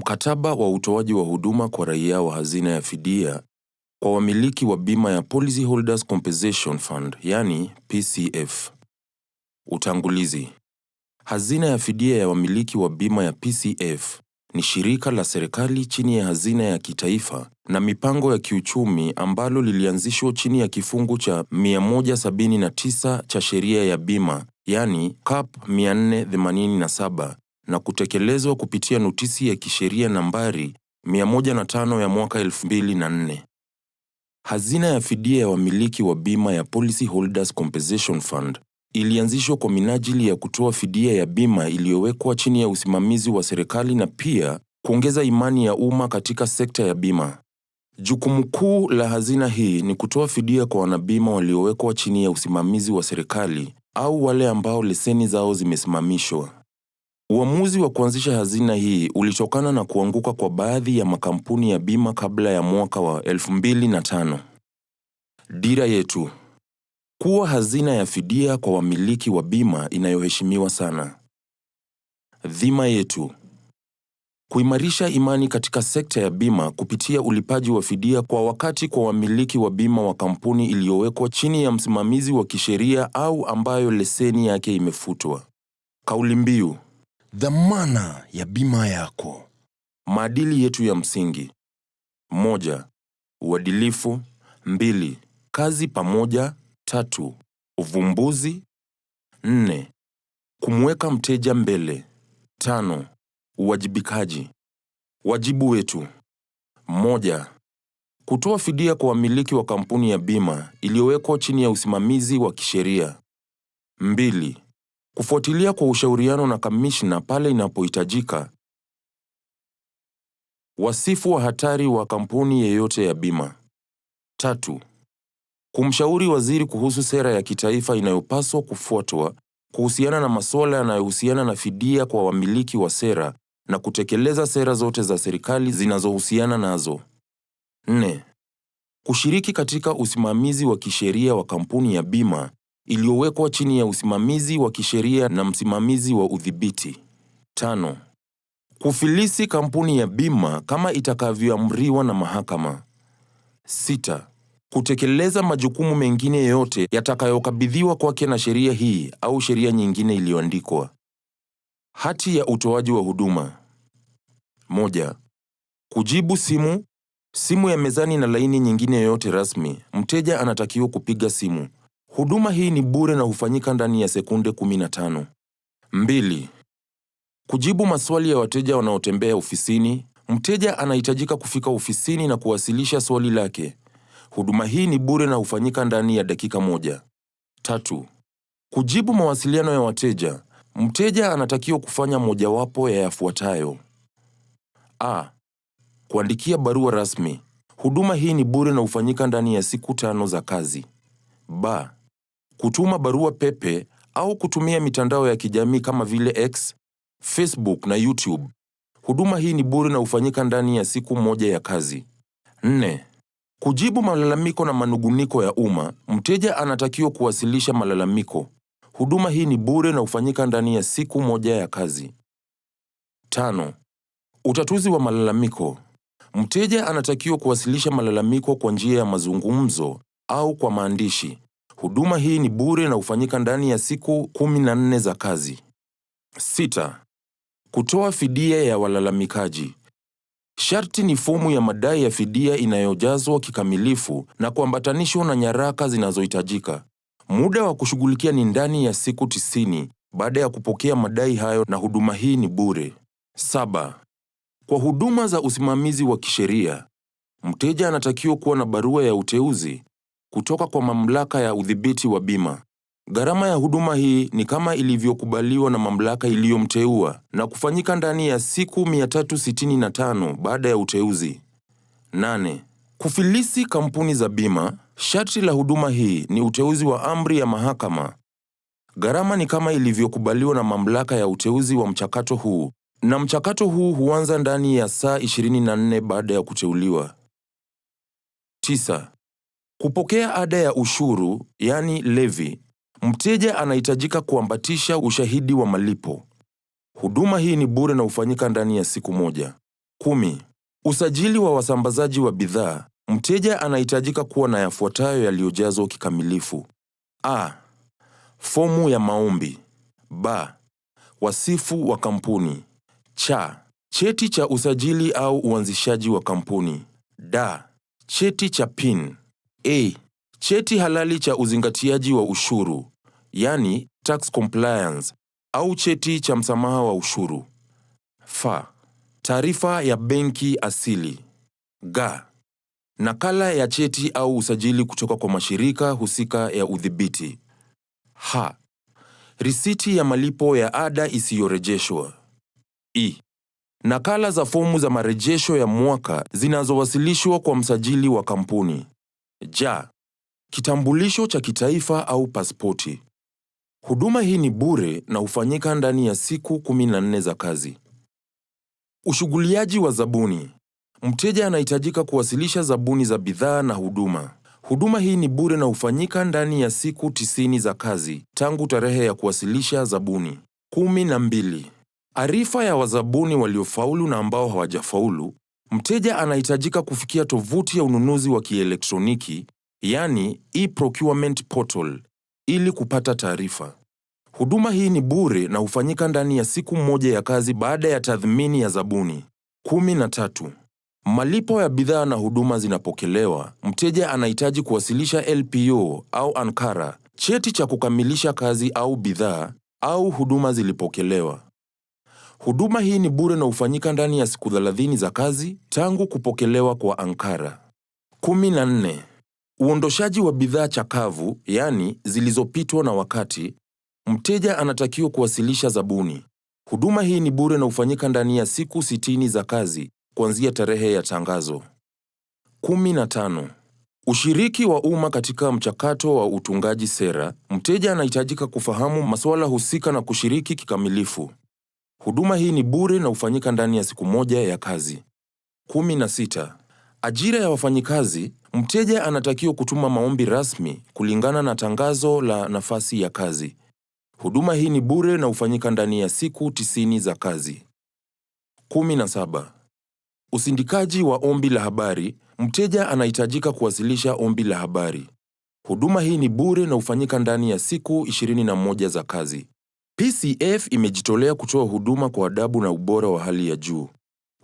Mkataba wa utoaji wa huduma kwa raia wa hazina ya fidia kwa wamiliki wa bima ya Policyholders Compensation Fund yani PCF. Utangulizi. Hazina ya fidia ya wamiliki wa bima ya PCF ni shirika la serikali chini ya hazina ya kitaifa na mipango ya kiuchumi ambalo lilianzishwa chini ya kifungu cha 179 cha sheria ya bima yani CAP 487 na kutekelezwa kupitia notisi ya kisheria nambari 105 ya mwaka 2004. Hazina ya fidia ya wamiliki wa bima ya Policy Holders Compensation Fund ilianzishwa kwa minajili ya kutoa fidia ya bima iliyowekwa chini ya usimamizi wa serikali na pia kuongeza imani ya umma katika sekta ya bima. Jukumu kuu la hazina hii ni kutoa fidia kwa wanabima waliowekwa chini ya usimamizi wa serikali au wale ambao leseni zao zimesimamishwa. Uamuzi wa kuanzisha hazina hii ulitokana na kuanguka kwa baadhi ya makampuni ya bima kabla ya mwaka wa 2005. Dira yetu: kuwa hazina ya fidia kwa wamiliki wa bima inayoheshimiwa sana. Dhima yetu: kuimarisha imani katika sekta ya bima kupitia ulipaji wa fidia kwa wakati kwa wamiliki wa bima wa kampuni iliyowekwa chini ya msimamizi wa kisheria au ambayo leseni yake imefutwa. Kauli mbiu dhamana ya bima yako. Maadili yetu ya msingi: moja, uadilifu; mbili, kazi pamoja; tatu, uvumbuzi; nne, kumweka mteja mbele; tano, uwajibikaji. Wajibu wetu: moja, kutoa fidia kwa wamiliki wa kampuni ya bima iliyowekwa chini ya usimamizi wa kisheria; mbili, kufuatilia kwa ushauriano na kamishna pale inapohitajika. Wasifu wa hatari wa kampuni yeyote ya bima. Tatu, kumshauri waziri kuhusu sera ya kitaifa inayopaswa kufuatwa kuhusiana na masuala yanayohusiana na fidia kwa wamiliki wa sera na kutekeleza sera zote za serikali zinazohusiana nazo. Nne, kushiriki katika usimamizi wa kisheria wa kampuni ya bima iliyowekwa chini ya usimamizi wa kisheria na msimamizi wa udhibiti. Tano, kufilisi kampuni ya bima kama itakavyoamriwa na mahakama. Sita, kutekeleza majukumu mengine yote yatakayokabidhiwa kwake na sheria hii au sheria nyingine iliyoandikwa. Hati ya utoaji wa huduma. Moja, kujibu simu, simu ya mezani na laini nyingine yoyote rasmi. Mteja anatakiwa kupiga simu. Huduma hii ni bure na hufanyika ndani ya sekunde 15. 2. Kujibu maswali ya wateja wanaotembea ofisini. Mteja anahitajika kufika ofisini na kuwasilisha swali lake. Huduma hii ni bure na hufanyika ndani ya dakika moja. Tatu, kujibu mawasiliano ya wateja. Mteja anatakiwa kufanya mojawapo ya yafuatayo: A. Kuandikia barua rasmi. Huduma hii ni bure na hufanyika ndani ya siku tano za kazi. B kutuma barua pepe au kutumia mitandao ya kijamii kama vile X, Facebook na YouTube. Huduma hii ni bure na hufanyika ndani ya siku moja ya kazi. Nne, kujibu malalamiko na manuguniko ya umma. Mteja anatakiwa kuwasilisha malalamiko. Huduma hii ni bure na hufanyika ndani ya siku moja ya kazi. Tano, utatuzi wa malalamiko. Mteja anatakiwa kuwasilisha malalamiko kwa njia ya mazungumzo au kwa maandishi. Huduma hii ni bure na hufanyika ndani ya siku 14 za kazi. Sita, kutoa fidia ya walalamikaji. Sharti ni fomu ya madai ya fidia inayojazwa kikamilifu na kuambatanishwa na nyaraka zinazohitajika. Muda wa kushughulikia ni ndani ya siku tisini baada ya kupokea madai hayo na huduma hii ni bure. Saba, kwa huduma za usimamizi wa kisheria, mteja anatakiwa kuwa na barua ya uteuzi kutoka kwa Mamlaka ya Udhibiti wa Bima. Gharama ya huduma hii ni kama ilivyokubaliwa na mamlaka iliyomteua na kufanyika ndani ya siku 365 baada ya uteuzi. Nane. Kufilisi kampuni za bima. Sharti la huduma hii ni uteuzi wa amri ya mahakama. Gharama ni kama ilivyokubaliwa na mamlaka ya uteuzi wa mchakato huu, na mchakato huu huanza ndani ya saa 24 baada ya kuteuliwa. Tisa. Kupokea ada ya ushuru yani levy, mteja anahitajika kuambatisha ushahidi wa malipo. Huduma hii ni bure na hufanyika ndani ya siku moja. Kumi. Usajili wa wasambazaji wa bidhaa, mteja anahitajika kuwa na yafuatayo yaliyojazwa kikamilifu: a. fomu ya maombi; b. wasifu wa kampuni; C. cheti cha usajili au uanzishaji wa kampuni; d. cheti cha PIN. A. Cheti halali cha uzingatiaji wa ushuru, yani tax compliance, au cheti cha msamaha wa ushuru. F. Taarifa ya benki asili. G. Nakala ya cheti au usajili kutoka kwa mashirika husika ya udhibiti. H. Risiti ya malipo ya ada isiyorejeshwa. I. E. Nakala za fomu za marejesho ya mwaka zinazowasilishwa kwa msajili wa kampuni. Ja, kitambulisho cha kitaifa au pasipoti. Huduma hii ni bure na hufanyika ndani ya siku 14 za kazi. Ushughuliaji wa zabuni. Mteja anahitajika kuwasilisha zabuni za bidhaa na huduma. Huduma hii ni bure na hufanyika ndani ya siku 90 za kazi tangu tarehe ya kuwasilisha zabuni. 12. Arifa ya wazabuni waliofaulu na ambao hawajafaulu mteja anahitajika kufikia tovuti ya ununuzi wa kielektroniki yani e-procurement portal ili kupata taarifa. Huduma hii ni bure na hufanyika ndani ya siku moja ya kazi baada ya tathmini ya zabuni. Kumi na tatu. Malipo ya bidhaa na huduma zinapokelewa, mteja anahitaji kuwasilisha LPO au ankara, cheti cha kukamilisha kazi au bidhaa au huduma zilipokelewa. Huduma hii ni bure na hufanyika ndani ya siku 30 za kazi tangu kupokelewa kwa ankara. 14. Uondoshaji wa bidhaa chakavu, yani zilizopitwa na wakati. Mteja anatakiwa kuwasilisha zabuni. Huduma hii ni bure na hufanyika ndani ya siku 60 za kazi kuanzia tarehe ya tangazo. 15. Ushiriki wa umma katika mchakato wa utungaji sera. Mteja anahitajika kufahamu masuala husika na kushiriki kikamilifu. Huduma hii ni bure na hufanyika ndani ya siku moja ya kazi. kumi na sita. Ajira ya wafanyikazi. Mteja anatakiwa kutuma maombi rasmi kulingana na tangazo la nafasi ya kazi. Huduma hii ni bure na hufanyika ndani ya siku tisini za kazi. kumi na saba. Usindikaji wa ombi la habari. Mteja anahitajika kuwasilisha ombi la habari. Huduma hii ni bure na hufanyika ndani ya siku 21 za kazi. PCF imejitolea kutoa huduma kwa adabu na ubora wa hali ya juu.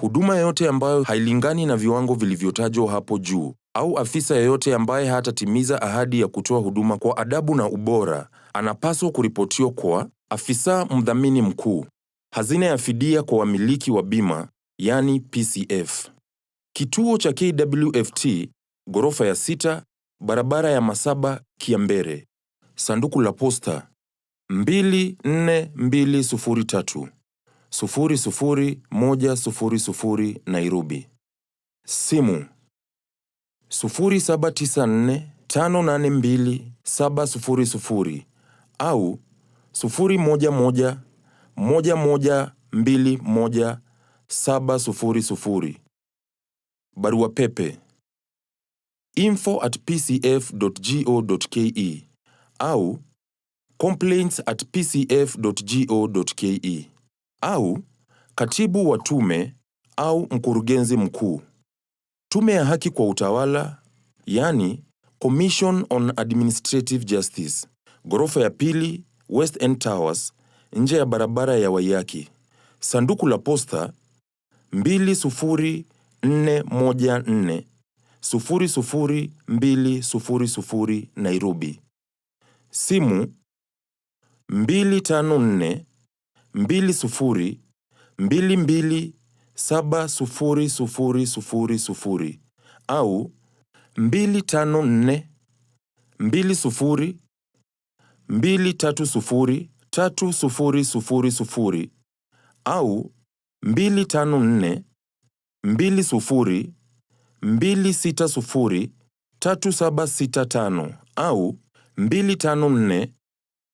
Huduma yoyote ambayo hailingani na viwango vilivyotajwa hapo juu au afisa yeyote ambaye hatatimiza ahadi ya kutoa huduma kwa adabu na ubora anapaswa kuripotiwa kwa afisa mdhamini mkuu, hazina ya fidia kwa wamiliki wa bima, yani PCF. Kituo cha KWFT, ghorofa ya sita, barabara ya Masaba, Kiambere. Sanduku la posta 24203 Nairobi. Simu 0794582700 au 011 Barua Pepe info at pcf.go.ke au complaints at pcf.go.ke au katibu wa tume au mkurugenzi mkuu. Tume ya Haki kwa Utawala, yani Commission on Administrative Justice, ghorofa ya pili, West End Towers, nje ya barabara ya Waiyaki. Sanduku la posta 20414 00200 Nairobi. Simu mbili tano nne mbili sufuri mbili saba sufuri sufuri sufuri sufuri au mbili tano nne mbili sufuri tatu sufuri tatu sufuri sufuri sufuri au mbili tano nne mbili sita sufuri tatu saba sita tano au mbili tano nne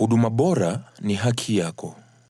Huduma bora ni haki yako.